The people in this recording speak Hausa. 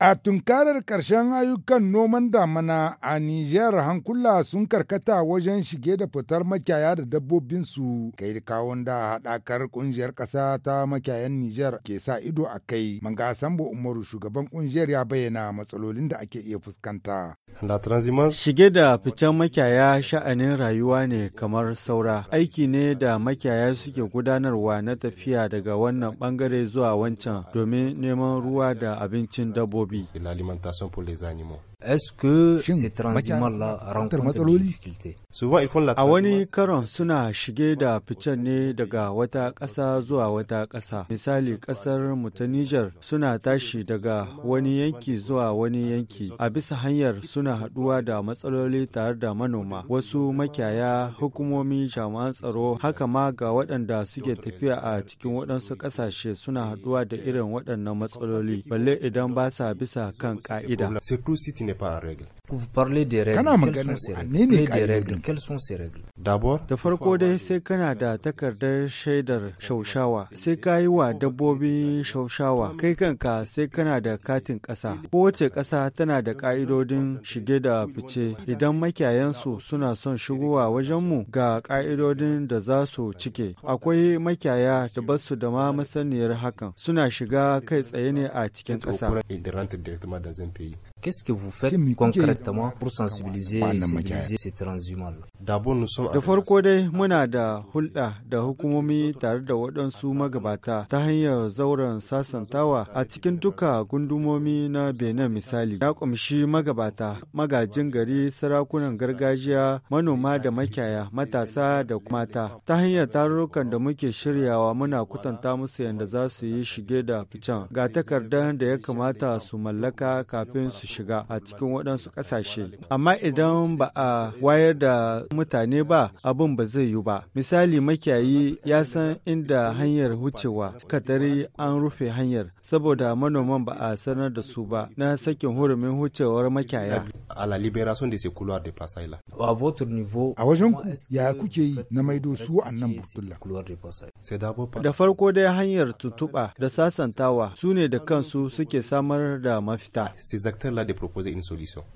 A tunkarar ƙarshen ayyukan noman damana a Nijar hankula sun karkata wajen shige da fitar makyaya da dabbobinsu kai da kawon da haɗakar ƙungiyar ƙasa ta makiyayan Nijar ke sa ido a kai. Manga Sambo Umaru shugaban ƙungiyar ya bayyana matsalolin da ake iya fuskanta. Shige da ficen makyaya sha'anin rayuwa ne kamar saura. Aiki ne da makyaya suke gudanarwa na tafiya daga wannan bangare zuwa wancan domin neman ruwa da abincin dabbobi. dabbobi. Shin font la A wani karon suna shige da ficen ne daga wata ƙasa zuwa wata ƙasa. Misali ƙasar mu suna tashi daga wani yanki zuwa wani yanki. A bisa hanyar suna haɗuwa da matsaloli tare da manoma. Wasu makiyaya hukumomi jami'an tsaro haka ma ga waɗanda suke tafiya a cikin waɗansu ƙasashe suna haɗuwa da irin waɗannan matsaloli. Balle idan ba sa C'est tout si tu n'es pas en règle. Vous parlez des règles. sont règles Quelles sont ces règles Da farko dai sai kana da takardar shaidar shaushawa, sai ka yi wa dabbobi shaushawa, kai kanka sai kana da katin ƙasa. Kowace ƙasa tana da ƙa'idodin shige da fice, idan makiyayansu suna son shigowa wajenmu ga ƙa'idodin da za su cike. Akwai makiyaya da ba su da ma masaniyar hakan, suna shiga kai tsaye ne a cikin ƙasa. Qu'est-ce que vous faites concrètement pour sensibiliser ces transhumants D'abord, nous Da farko dai muna da hulɗa da hukumomi tare da waɗansu magabata ta hanyar zauren sasantawa a cikin duka gundumomi na Benin misali. Ya ƙumshi magabata, magajin gari, sarakunan gargajiya, manoma da makyaya, matasa da mata. Ta hanyar tarurrukan da muke shiryawa muna kutanta musu yadda za su yi shige da ficen. Ga takardar da ya kamata su mallaka kafin su shiga a cikin waɗansu ƙasashe. Amma idan ba a wayar da mutane ba ba abin ba zai yi ba misali makiyayi ya san inda hanyar wucewa suka dare an rufe hanyar saboda manoman ba a sanar da su ba na sakin hurumin wucewar makiyaya a la de de a wajen ku ya kuke yi na maido su annan butulla da farko dai hanyar tutuba da sasantawa su ne da kansu suke samar da mafita